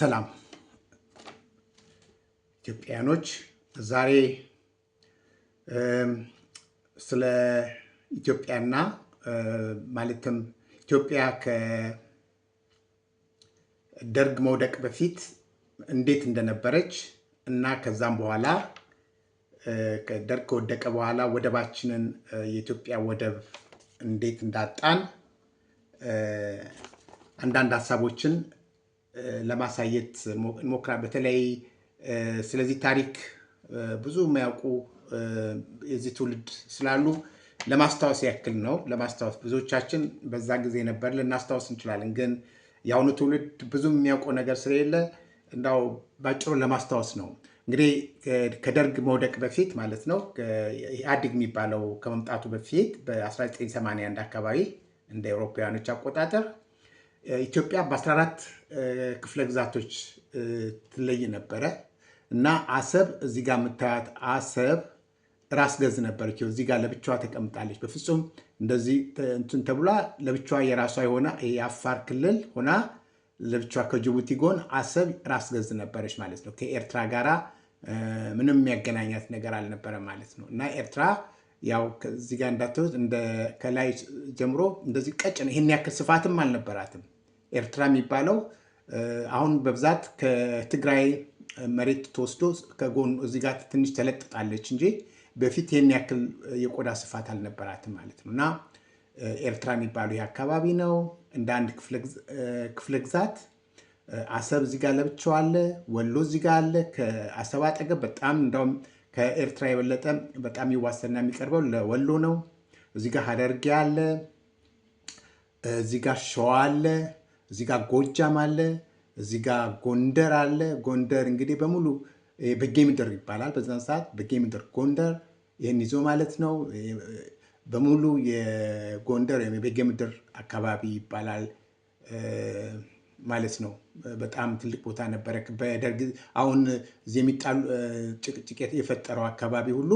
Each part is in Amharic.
ሰላም ኢትዮጵያውያኖች፣ ዛሬ ስለ ኢትዮጵያና ማለትም ኢትዮጵያ ከደርግ መውደቅ በፊት እንዴት እንደነበረች እና ከዛም በኋላ ከደርግ ከወደቀ በኋላ ወደባችንን የኢትዮጵያ ወደብ እንዴት እንዳጣን አንዳንድ ሀሳቦችን ለማሳየት እንሞክራል። በተለይ ስለዚህ ታሪክ ብዙ የሚያውቁ የዚህ ትውልድ ስላሉ ለማስታወስ ያክል ነው። ለማስታወስ ብዙዎቻችን በዛ ጊዜ ነበር፣ ልናስታወስ እንችላለን። ግን የአሁኑ ትውልድ ብዙም የሚያውቀው ነገር ስለሌለ እንዳው ባጭሩ ለማስታወስ ነው። እንግዲህ ከደርግ መውደቅ በፊት ማለት ነው አድግ የሚባለው ከመምጣቱ በፊት በ1981 አካባቢ እንደ አውሮፓውያኖች አቆጣጠር ኢትዮጵያ በ14 ክፍለ ግዛቶች ትለይ ነበረ እና አሰብ እዚህ ጋር የምታያት አሰብ ራስ ገዝ ነበረች። እዚህ ጋር ለብቻዋ ተቀምጣለች። በፍጹም እንደዚህ እንትን ተብሏ ለብቻዋ የራሷ የሆነ የአፋር ክልል ሆና ለብቻዋ ከጅቡቲ ጎን አሰብ ራስ ገዝ ነበረች ማለት ነው። ከኤርትራ ጋራ ምንም የሚያገናኛት ነገር አልነበረ ማለት ነው እና ኤርትራ ያው ከዚህ ጋር እንዳትወስድ እንደ ከላይ ጀምሮ እንደዚህ ነው። ይህን ያክል ስፋትም አልነበራትም። ኤርትራ የሚባለው አሁን በብዛት ከትግራይ መሬት ተወስዶ ከጎን እዚህ ጋር ትንሽ ተለጥጣለች እንጂ በፊት ይህን ያክል የቆዳ ስፋት አልነበራትም ማለት ነው። እና ኤርትራ የሚባለው ይህ አካባቢ ነው እንደ አንድ ክፍለ ግዛት። አሰብ እዚህ ጋር ወሎ እዚህ ጋር አለ። ከአሰብ አጠገብ በጣም እንዳውም ከኤርትራ የበለጠ በጣም ይዋሰና የሚቀርበው ለወሎ ነው። እዚህ ጋር ሀደርጌ አለ፣ እዚህ ጋር ሸዋ አለ፣ እዚህ ጋር ጎጃም አለ፣ እዚህ ጋር ጎንደር አለ። ጎንደር እንግዲህ በሙሉ በጌ ምድር ይባላል። በዛን ሰዓት በጌ ምድር ጎንደር ይህን ይዞ ማለት ነው። በሙሉ የጎንደር ወይም የበጌ ምድር አካባቢ ይባላል። ማለት ነው። በጣም ትልቅ ቦታ ነበረ። በደርግ አሁን የሚጣሉ ጭቅጭቅ የፈጠረው አካባቢ ሁሉ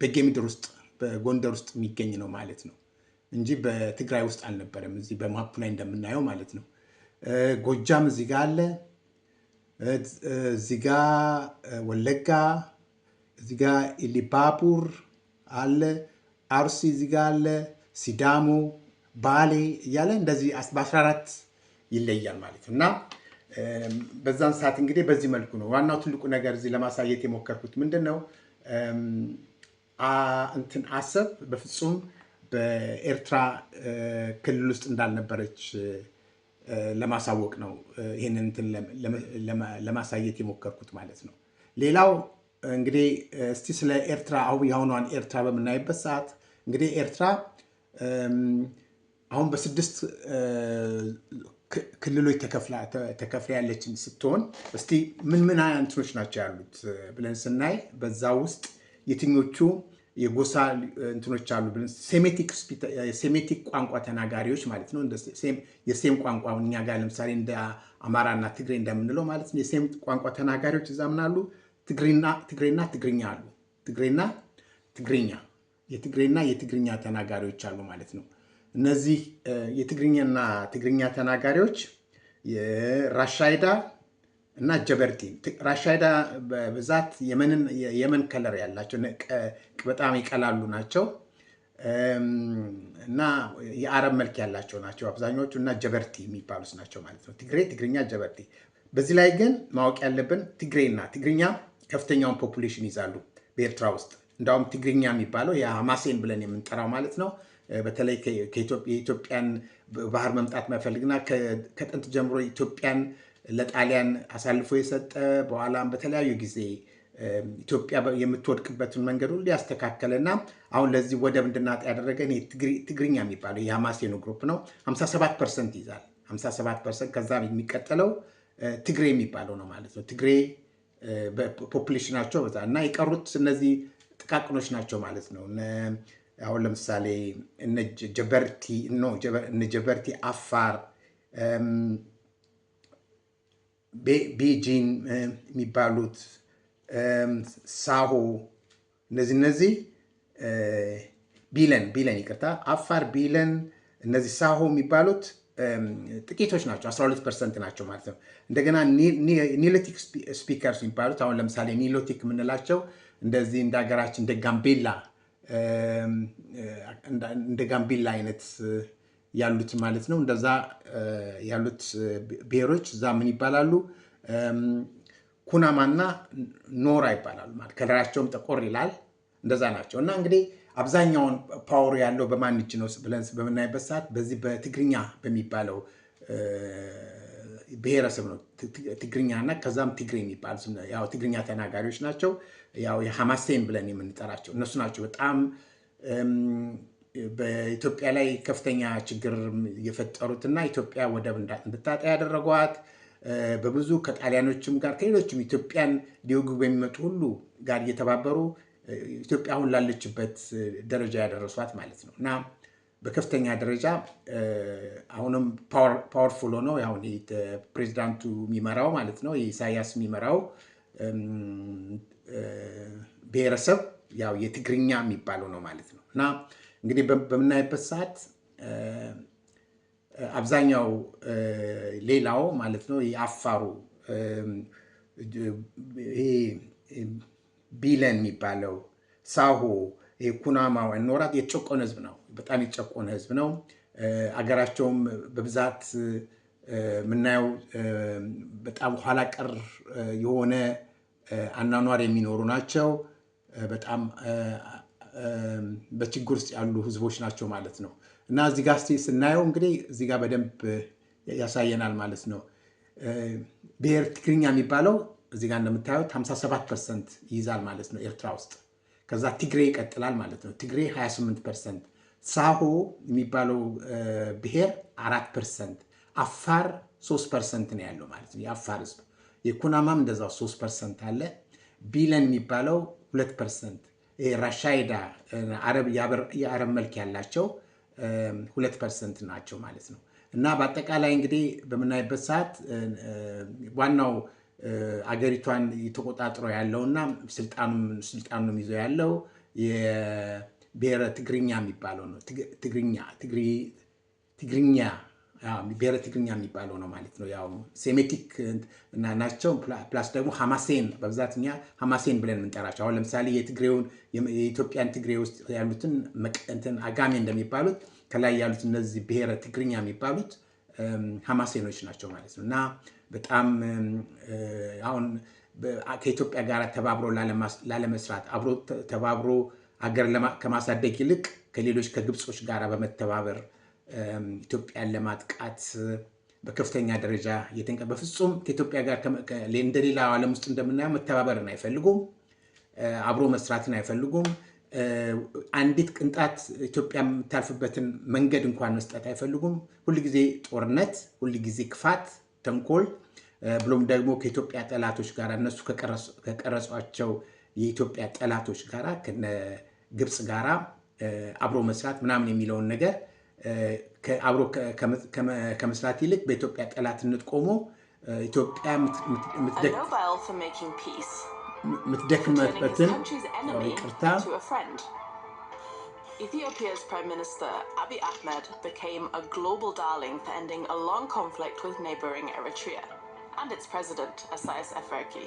በጌምድር ውስጥ በጎንደር ውስጥ የሚገኝ ነው ማለት ነው እንጂ በትግራይ ውስጥ አልነበረም። እዚህ በማፑ ላይ እንደምናየው ማለት ነው። ጎጃም እዚህ ጋ አለ፣ እዚህ ጋ ወለጋ፣ እዚህ ጋ ኢሊባቡር አለ፣ አርሲ እዚህ ጋ አለ፣ ሲዳሞ፣ ባሌ እያለ እንደዚህ በ14 ይለያል ማለት ነው እና በዛን ሰዓት እንግዲህ በዚህ መልኩ ነው ዋናው ትልቁ ነገር እዚህ ለማሳየት የሞከርኩት ምንድን ነው እንትን አሰብ በፍጹም በኤርትራ ክልል ውስጥ እንዳልነበረች ለማሳወቅ ነው ይህንን እንትን ለማሳየት የሞከርኩት ማለት ነው። ሌላው እንግዲህ እስቲ ስለ ኤርትራ አሁን የአሁኗን ኤርትራ በምናይበት ሰዓት እንግዲህ ኤርትራ አሁን በስድስት ክልሎች ተከፍላ ያለችን ስትሆን እስቲ ምን ምን ሀያ እንትኖች ናቸው ያሉት ብለን ስናይ በዛ ውስጥ የትኞቹ የጎሳ እንትኖች አሉ ሴሜቲክ ቋንቋ ተናጋሪዎች ማለት ነው። የሴም ቋንቋ እኛ ጋር ለምሳሌ እንደ አማራና ትግሬ እንደምንለው ማለት ነው። የሴም ቋንቋ ተናጋሪዎች እዛ ምን አሉ? ትግሬና ትግርኛ አሉ። ትግሬና ትግርኛ የትግሬና የትግርኛ ተናጋሪዎች አሉ ማለት ነው። እነዚህ የትግርኛና ትግርኛ ተናጋሪዎች ራሻይዳ እና ጀበርቲ ራሻይዳ በብዛት የመን ከለር ያላቸው በጣም ይቀላሉ ናቸው እና የአረብ መልክ ያላቸው ናቸው አብዛኛዎቹ እና ጀበርቲ የሚባሉት ናቸው ማለት ነው። ትግሬ፣ ትግርኛ፣ ጀበርቲ። በዚህ ላይ ግን ማወቅ ያለብን ትግሬና ትግርኛ ከፍተኛውን ፖፑሌሽን ይዛሉ በኤርትራ ውስጥ። እንዳውም ትግርኛ የሚባለው የሀማሴን ብለን የምንጠራው ማለት ነው በተለይ የኢትዮጵያን ባህር መምጣት የማይፈልግና ከጥንት ጀምሮ ኢትዮጵያን ለጣሊያን አሳልፎ የሰጠ በኋላም በተለያዩ ጊዜ ኢትዮጵያ የምትወድቅበትን መንገድ ሁሉ እና አሁን ለዚህ ወደብ እንድናጣ ያደረገ ትግርኛ የሚባለው የሀማሴኑ ግሩፕ ነው። 57 ፐርሰንት ይዛል። 57 ፐርሰንት ከዛ የሚቀጠለው ትግሬ የሚባለው ነው ማለት ነው። ትግሬ ፖፑሌሽናቸው በዛ እና የቀሩት እነዚህ ጥቃቅኖች ናቸው ማለት ነው። አሁን ለምሳሌ ጀበርቲ ጀበርቲ አፋር፣ ቤጂን የሚባሉት ሳሆ እነዚህ እነዚህ ቢለን ቢለን ይቅርታ፣ አፋር ቢለን፣ እነዚህ ሳሆ የሚባሉት ጥቂቶች ናቸው። 12 ፐርሰንት ናቸው ማለት ነው። እንደገና ኒሎቲክ ስፒከርስ የሚባሉት አሁን ለምሳሌ ኒሎቲክ የምንላቸው እንደዚህ እንደ ሀገራችን እንደ ጋምቤላ እንደ ጋምቢላ አይነት ያሉት ማለት ነው። እንደዛ ያሉት ብሔሮች እዛ ምን ይባላሉ? ኩናማና ኖራ ይባላሉ። ማለት ከለራቸውም ጠቆር ይላል። እንደዛ ናቸው እና እንግዲህ አብዛኛውን ፓወሩ ያለው በማን እጅ ነው ብለን በምናይበት ሰዓት በዚህ በትግርኛ በሚባለው ብሔረሰብ ነው ትግርኛና ከዛም ትግሬ የሚባል ያው ትግርኛ ተናጋሪዎች ናቸው። ያው የሐማሴን ብለን የምንጠራቸው እነሱ ናቸው። በጣም በኢትዮጵያ ላይ ከፍተኛ ችግር የፈጠሩትና ኢትዮጵያ ወደብ እንድታጣ ያደረጓት በብዙ ከጣሊያኖችም ጋር ከሌሎችም ኢትዮጵያን ሊወጉ በሚመጡ ሁሉ ጋር እየተባበሩ ኢትዮጵያ አሁን ላለችበት ደረጃ ያደረሷት ማለት ነው እና በከፍተኛ ደረጃ አሁንም ፓወርፉል ሆነው አሁን ፕሬዚዳንቱ የሚመራው ማለት ነው የኢሳያስ የሚመራው ብሔረሰብ ያው የትግርኛ የሚባለው ነው ማለት ነው። እና እንግዲህ በምናይበት ሰዓት አብዛኛው ሌላው ማለት ነው የአፋሩ ቢለን የሚባለው ሳሆ ኩናማው ኖራት የተጨቆነ ህዝብ ነው። በጣም የተጨቆነ ህዝብ ነው። አገራቸውም በብዛት የምናየው በጣም ኋላ ቀር የሆነ አኗኗር የሚኖሩ ናቸው። በጣም በችግር ውስጥ ያሉ ህዝቦች ናቸው ማለት ነው እና እዚህ ጋ ስናየው እንግዲህ እዚህ ጋር በደንብ ያሳየናል ማለት ነው። ብሔር ትግርኛ የሚባለው እዚህ ጋ እንደምታዩት 57 ፐርሰንት ይይዛል ማለት ነው ኤርትራ ውስጥ። ከዛ ትግሬ ይቀጥላል ማለት ነው። ትግሬ 28 ፐርሰንት ሳሆ የሚባለው ብሔር አራት ፐርሰንት፣ አፋር ሶስት ፐርሰንት ነው ያለው ማለት ነው። የአፋር ህዝብ የኩናማም እንደዛው ሶስት ፐርሰንት አለ። ቢለን የሚባለው ሁለት ፐርሰንት፣ ራሻይዳ የአረብ መልክ ያላቸው ሁለት ፐርሰንት ናቸው ማለት ነው። እና በአጠቃላይ እንግዲህ በምናይበት ሰዓት ዋናው አገሪቷን ተቆጣጥሮ ያለውና ስልጣኑም ይዞ ያለው ብሔረ ትግርኛ የሚባለው ነው። ትግርኛ ትግርኛ ብሔረ ትግርኛ የሚባለው ነው ማለት ነው። ያው ሴሜቲክ ናቸው። ፕላስ ደግሞ ሀማሴን በብዛት እኛ ሀማሴን ብለን የምንጠራቸው አሁን ለምሳሌ የትግሬውን የኢትዮጵያን ትግሬ ውስጥ ያሉትን እንትን አጋሜ እንደሚባሉት ከላይ ያሉት እነዚህ ብሔረ ትግርኛ የሚባሉት ሀማሴኖች ናቸው ማለት ነው። እና በጣም አሁን ከኢትዮጵያ ጋር ተባብሮ ላለመስራት አብሮ ተባብሮ አገር ከማሳደግ ይልቅ ከሌሎች ከግብጾች ጋር በመተባበር ኢትዮጵያን ለማጥቃት በከፍተኛ ደረጃ የተንቀ በፍጹም ከኢትዮጵያ ጋር እንደሌላ ሌላው ዓለም ውስጥ እንደምናየው መተባበርን አይፈልጉም። አብሮ መስራትን አይፈልጉም። አንዲት ቅንጣት ኢትዮጵያ የምታልፍበትን መንገድ እንኳን መስጠት አይፈልጉም። ሁልጊዜ ጦርነት፣ ሁልጊዜ ክፋት፣ ተንኮል ብሎም ደግሞ ከኢትዮጵያ ጠላቶች ጋር እነሱ ከቀረጿቸው የኢትዮጵያ ጠላቶች ጋር ግብፅ ጋራ አብሮ መስራት ምናምን የሚለውን ነገር አብሮ ከመስራት ይልቅ በኢትዮጵያ ጠላትነት ቆሞ ኢትዮጵያ የምትደክምበትን ይቅርታ Ethiopia's Prime Minister Abiy Ahmed became a global darling for ending a long conflict with neighboring Eritrea and its president, Isaias Afwerki.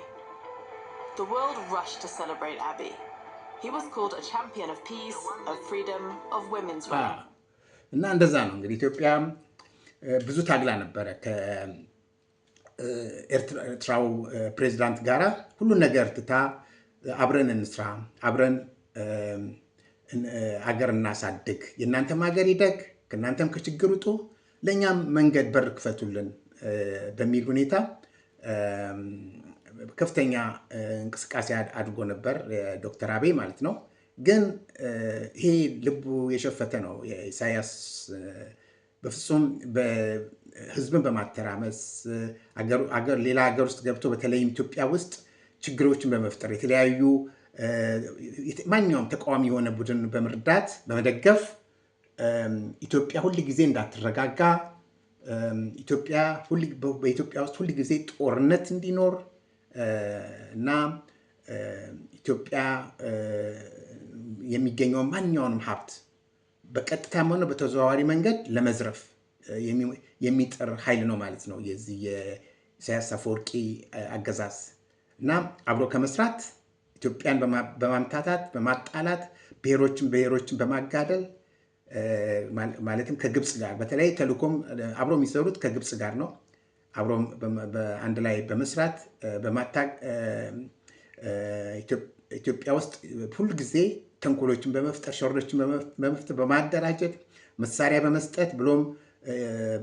The world rushed to celebrate Abiy, He was called a champion of peace, of freedom, of women's ah. rights. እና እንደዛ ነው እንግዲህ ኢትዮጵያ ብዙ ታግላ ነበረ ከኤርትራው ፕሬዚዳንት ጋር ሁሉን ነገር ትታ አብረን እንስራ፣ አብረን አገር እናሳድግ፣ የእናንተም ሀገር ይደግ፣ ከእናንተም ከችግር ውጡ፣ ለእኛም መንገድ በር ክፈቱልን በሚል ሁኔታ ከፍተኛ እንቅስቃሴ አድርጎ ነበር ዶክተር አብይ ማለት ነው። ግን ይሄ ልቡ የሸፈተ ነው። ኢሳያስ በፍጹም ህዝብን በማተራመስ ሌላ ሀገር ውስጥ ገብቶ በተለይም ኢትዮጵያ ውስጥ ችግሮችን በመፍጠር የተለያዩ ማንኛውም ተቃዋሚ የሆነ ቡድን በመርዳት በመደገፍ ኢትዮጵያ ሁል ጊዜ እንዳትረጋጋ በኢትዮጵያ ውስጥ ሁል ጊዜ ጦርነት እንዲኖር እና ኢትዮጵያ የሚገኘው ማንኛውንም ሀብት በቀጥታም ሆነ በተዘዋዋሪ መንገድ ለመዝረፍ የሚጥር ኃይል ነው ማለት ነው የዚህ የኢሳያስ አፈወርቂ አገዛዝ እና አብሮ ከመስራት ኢትዮጵያን በማምታታት በማጣላት ብሔሮችን ብሔሮችን በማጋደል ማለትም ከግብፅ ጋር በተለይ ተልኮም አብሮ የሚሰሩት ከግብፅ ጋር ነው። አብሮ በአንድ ላይ በመስራት በማታግ ኢትዮጵያ ውስጥ ሁልጊዜ ተንኮሎችን በመፍጠር ሸርዶችን በመፍጠር በማደራጀት መሳሪያ በመስጠት ብሎም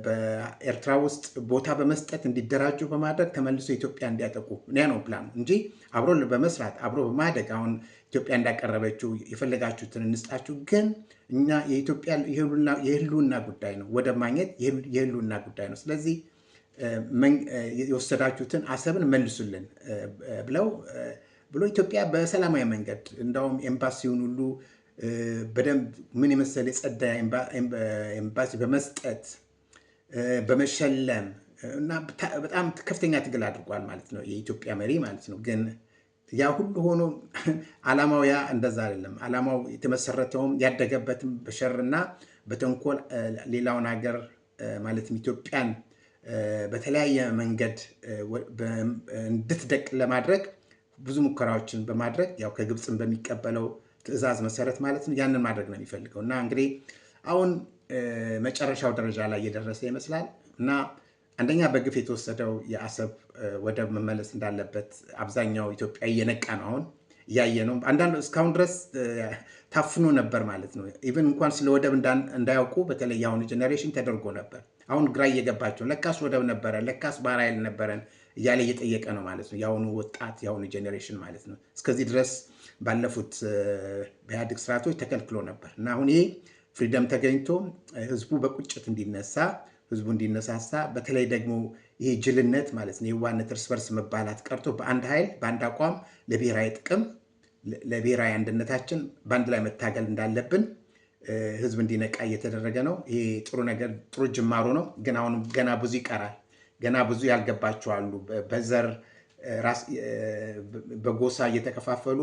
በኤርትራ ውስጥ ቦታ በመስጠት እንዲደራጁ በማድረግ ተመልሶ ኢትዮጵያ እንዲያጠቁ ያ ነው ፕላኑ እንጂ አብሮ በመስራት አብሮ በማደግ አሁን ኢትዮጵያ እንዳቀረበችው የፈለጋችሁትን እንስጣችሁ፣ ግን እኛ የኢትዮጵያ የህልውና ጉዳይ ነው፣ ወደብ ማግኘት የህልውና ጉዳይ ነው። ስለዚህ የወሰዳችሁትን አሰብን መልሱልን ብለው ብሎ ኢትዮጵያ በሰላማዊ መንገድ እንዳውም ኤምባሲውን ሁሉ በደንብ ምን የመሰለ የጸዳ ኤምባሲ በመስጠት በመሸለም እና በጣም ከፍተኛ ትግል አድርጓል ማለት ነው፣ የኢትዮጵያ መሪ ማለት ነው። ግን ያ ሁሉ ሆኖ አላማው ያ እንደዛ አይደለም። አላማው የተመሰረተውም ያደገበትም በሸርና በተንኮል ሌላውን ሀገር ማለትም ኢትዮጵያን በተለያየ መንገድ እንድትደቅ ለማድረግ ብዙ ሙከራዎችን በማድረግ ያው ከግብፅን በሚቀበለው ትዕዛዝ መሰረት ማለት ነው ያንን ማድረግ ነው የሚፈልገው እና እንግዲህ አሁን መጨረሻው ደረጃ ላይ እየደረሰ ይመስላል እና አንደኛ በግፍ የተወሰደው የአሰብ ወደብ መመለስ እንዳለበት አብዛኛው ኢትዮጵያ እየነቃ ነው። አሁን እያየ ነው። አንዳንዱ እስካሁን ድረስ ታፍኖ ነበር ማለት ነው። ኢቨን እንኳን ስለ ወደብ እንዳያውቁ በተለይ የአሁኑ ጀኔሬሽን ተደርጎ ነበር። አሁን ግራ እየገባቸው ለካስ ወደብ ነበረ፣ ለካስ ባህር ኃይል ነበረን እያለ እየጠየቀ ነው ማለት ነው። የአሁኑ ወጣት የአሁኑ ጄኔሬሽን ማለት ነው። እስከዚህ ድረስ ባለፉት በኢህአዴግ ስርዓቶች ተከልክሎ ነበር እና አሁን ይሄ ፍሪደም ተገኝቶ ህዝቡ በቁጭት እንዲነሳ ህዝቡ እንዲነሳሳ በተለይ ደግሞ ይሄ ጅልነት ማለት ነው የዋነት እርስ በርስ መባላት ቀርቶ በአንድ ኃይል በአንድ አቋም ለብሔራዊ ጥቅም ለብሔራዊ አንድነታችን በአንድ ላይ መታገል እንዳለብን ህዝብ እንዲነቃ እየተደረገ ነው። ይሄ ጥሩ ነገር ጥሩ ጅማሮ ነው። ግን አሁንም ገና ብዙ ይቀራል። ገና ብዙ ያልገባቸው አሉ። በዘር በጎሳ እየተከፋፈሉ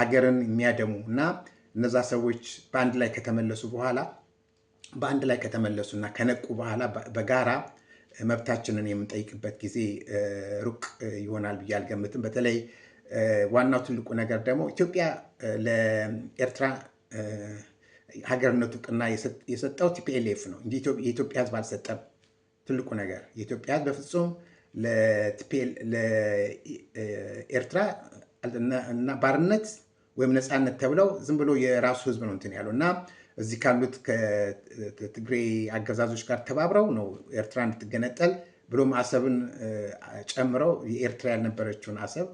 ሀገርን የሚያደሙ እና እነዛ ሰዎች በአንድ ላይ ከተመለሱ በኋላ በአንድ ላይ ከተመለሱ እና ከነቁ በኋላ በጋራ መብታችንን የምንጠይቅበት ጊዜ ሩቅ ይሆናል ብዬ አልገምትም። በተለይ ዋናው ትልቁ ነገር ደግሞ ኢትዮጵያ ለኤርትራ ሀገርነቱ ዕውቅና የሰጠው ቲፒኤልኤፍ ነው እንጂ የኢትዮጵያ ሕዝብ አልሰጠም። ትልቁ ነገር የኢትዮጵያ ህዝብ በፍጹም ለኤርትራ እና ባርነት ወይም ነፃነት ተብለው ዝም ብሎ የራሱ ህዝብ ነው እንትን ያለው እና እዚህ ካሉት ከትግሬ አገዛዞች ጋር ተባብረው ነው ኤርትራ እንድትገነጠል ብሎም አሰብን ጨምረው የኤርትራ ያልነበረችውን አሰብ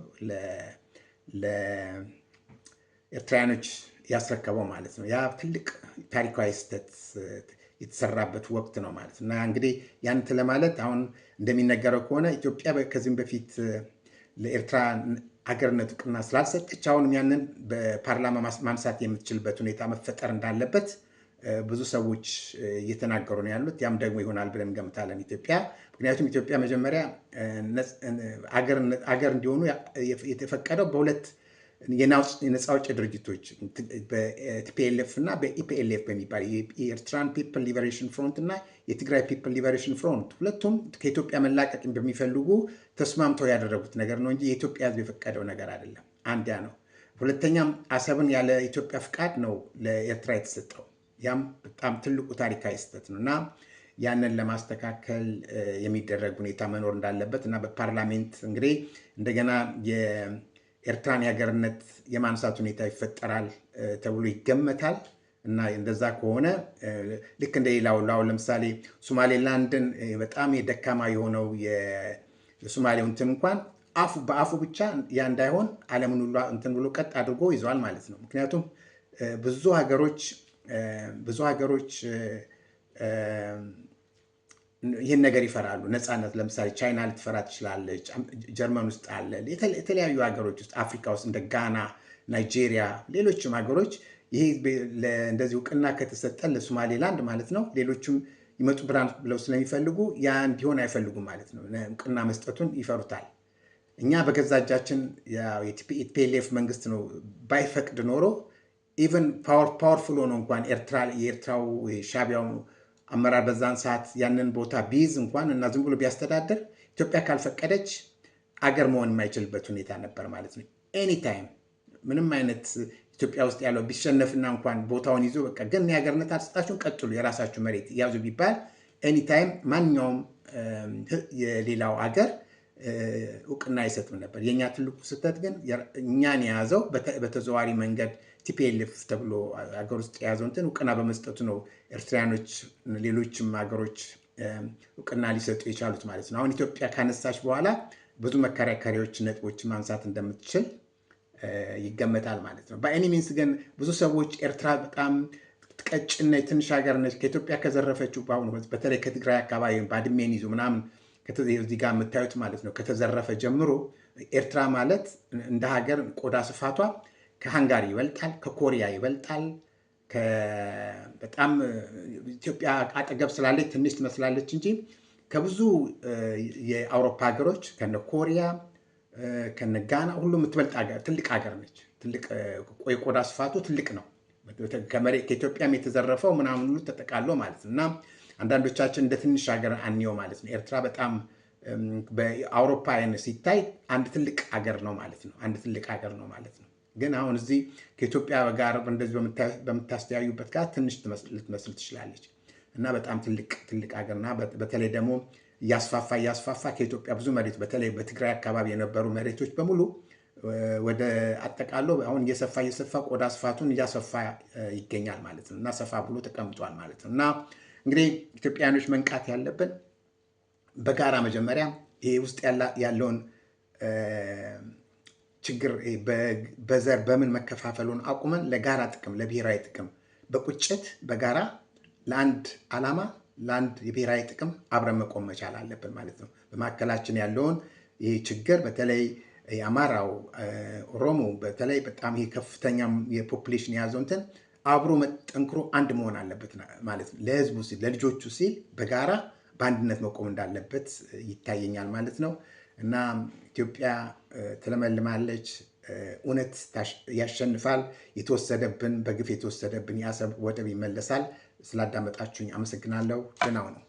ለኤርትራያኖች ያስረከበው ማለት ነው። ያ ትልቅ ታሪካዊ ስህተት የተሰራበት ወቅት ነው ማለት እና እንግዲህ ያንት ለማለት አሁን እንደሚነገረው ከሆነ ኢትዮጵያ ከዚህም በፊት ለኤርትራ አገርነት እውቅና ስላልሰጠች አሁንም ያንን በፓርላማ ማንሳት የምትችልበት ሁኔታ መፈጠር እንዳለበት ብዙ ሰዎች እየተናገሩ ነው ያሉት። ያም ደግሞ ይሆናል ብለን ገምታለን ኢትዮጵያ ምክንያቱም ኢትዮጵያ መጀመሪያ አገር እንዲሆኑ የተፈቀደው በሁለት የነፃ አውጪ ድርጅቶች በቲፒኤልኤፍ እና በኢፒኤልኤፍ በሚባል የኤርትራን ፒፕል ሊበሬሽን ፍሮንት እና የትግራይ ፒፕል ሊበሬሽን ፍሮንት ሁለቱም ከኢትዮጵያ መላቀቅ እንደሚፈልጉ ተስማምተው ያደረጉት ነገር ነው እንጂ የኢትዮጵያ ሕዝብ የፈቀደው ነገር አይደለም። አንዲያ ነው። ሁለተኛም አሰብን ያለ ኢትዮጵያ ፍቃድ ነው ለኤርትራ የተሰጠው። ያም በጣም ትልቁ ታሪካዊ ስህተት ነው እና ያንን ለማስተካከል የሚደረግ ሁኔታ መኖር እንዳለበት እና በፓርላሜንት እንግዲህ እንደገና ኤርትራን የሀገርነት የማንሳት ሁኔታ ይፈጠራል ተብሎ ይገመታል። እና እንደዛ ከሆነ ልክ እንደ ሌላው ላው ለምሳሌ ሶማሌላንድን በጣም የደካማ የሆነው የሶማሌው እንትን እንኳን አፉ በአፉ ብቻ ያ እንዳይሆን ዓለምን ሁሉ እንትን ብሎ ቀጥ አድርጎ ይዘዋል ማለት ነው። ምክንያቱም ብዙ ሀገሮች ብዙ ሀገሮች ይህን ነገር ይፈራሉ። ነፃነት ለምሳሌ ቻይና ልትፈራ ትችላለች። ጀርመን ውስጥ አለ። የተለያዩ ሀገሮች ውስጥ አፍሪካ ውስጥ እንደ ጋና፣ ናይጄሪያ፣ ሌሎችም ሀገሮች ይሄ እንደዚህ እውቅና ከተሰጠ ለሶማሌላንድ ማለት ነው ሌሎችም ይመጡ ብራንድ ብለው ስለሚፈልጉ ያ እንዲሆን አይፈልጉም ማለት ነው። እውቅና መስጠቱን ይፈሩታል። እኛ በገዛ እጃችን የቲፒኤልኤፍ መንግስት ነው ባይፈቅድ ኖሮ ኢቨን ፓወርፉል ሆኖ እንኳን የኤርትራው ሻቢያው አመራር በዛን ሰዓት ያንን ቦታ ቢይዝ እንኳን እና ዝም ብሎ ቢያስተዳድር ኢትዮጵያ ካልፈቀደች አገር መሆን የማይችልበት ሁኔታ ነበር ማለት ነው። ኤኒታይም ምንም አይነት ኢትዮጵያ ውስጥ ያለው ቢሸነፍና እንኳን ቦታውን ይዞ በቃ ግን የሀገርነት አልሰጣችሁን ቀጥሉ፣ የራሳችሁ መሬት ያዙ ቢባል ኤኒታይም ማንኛውም የሌላው አገር እውቅና አይሰጥም ነበር። የእኛ ትልቁ ስህተት ግን እኛን የያዘው በተዘዋዋሪ መንገድ ቲፒኤልኤፍ ተብሎ ሀገር ውስጥ የያዘው እንትን እውቅና በመስጠቱ ነው ኤርትራያኖች፣ ሌሎችም ሀገሮች እውቅና ሊሰጡ የቻሉት ማለት ነው። አሁን ኢትዮጵያ ካነሳች በኋላ ብዙ መከራከሪያዎች ነጥቦች ማንሳት እንደምትችል ይገመታል ማለት ነው። በአይኒ ሚንስ ግን ብዙ ሰዎች ኤርትራ በጣም ቀጭን የትንሽ ትንሽ ሀገር ነች፣ ከኢትዮጵያ ከዘረፈችው በአሁኑ በተለይ ከትግራይ አካባቢ ባድሜን ይዞ ምናምን እዚህ ጋር የምታዩት ማለት ነው ከተዘረፈ ጀምሮ ኤርትራ ማለት እንደ ሀገር ቆዳ ስፋቷ ከሃንጋሪ ይበልጣል፣ ከኮሪያ ይበልጣል። በጣም ኢትዮጵያ አጠገብ ስላለች ትንሽ ትመስላለች እንጂ ከብዙ የአውሮፓ ሀገሮች ከነ ኮሪያ ከነ ጋና ሁሉ የምትበልጥ ትልቅ ሀገር ነች። ትልቅ የቆዳ ስፋቱ ትልቅ ነው። ከኢትዮጵያም የተዘረፈው ምናምን ሁሉ ተጠቃሎ ማለት እና አንዳንዶቻችን እንደ ትንሽ ሀገር አንየው ማለት ነው። ኤርትራ በጣም በአውሮፓውያን ሲታይ አንድ ትልቅ ሀገር ነው ማለት ነው። አንድ ትልቅ ሀገር ነው ማለት ነው። ግን አሁን እዚህ ከኢትዮጵያ ጋር እንደዚህ በምታስተያዩበት ጋር ትንሽ ልትመስል ትችላለች እና በጣም ትልቅ ትልቅ ሀገርና በተለይ ደግሞ እያስፋፋ እያስፋፋ ከኢትዮጵያ ብዙ መሬት በተለይ በትግራይ አካባቢ የነበሩ መሬቶች በሙሉ ወደ አጠቃሎ አሁን እየሰፋ እየሰፋ ቆዳ ስፋቱን እያሰፋ ይገኛል ማለት ነው እና ሰፋ ብሎ ተቀምጧል ማለት ነው እና እንግዲህ ኢትዮጵያኖች መንቃት ያለብን በጋራ መጀመሪያ ይሄ ውስጥ ያለውን ችግር በዘር በምን መከፋፈሉን አቁመን ለጋራ ጥቅም ለብሔራዊ ጥቅም በቁጭት በጋራ ለአንድ ዓላማ ለአንድ የብሔራዊ ጥቅም አብረን መቆም መቻል አለብን ማለት ነው። በመካከላችን ያለውን ይህ ችግር በተለይ የአማራው ኦሮሞ በተለይ በጣም ይሄ ከፍተኛ የፖፕሌሽን የያዘው እንትን አብሮ ጠንክሮ አንድ መሆን አለበት ማለት ነው። ለህዝቡ ሲል ለልጆቹ ሲል በጋራ በአንድነት መቆም እንዳለበት ይታየኛል ማለት ነው እና ኢትዮጵያ ትለመልማለች። እውነት ያሸንፋል። የተወሰደብን በግፍ የተወሰደብን የአሰብ ወደብ ይመለሳል። ስላዳመጣችሁኝ አመሰግናለሁ። ደህና ነው።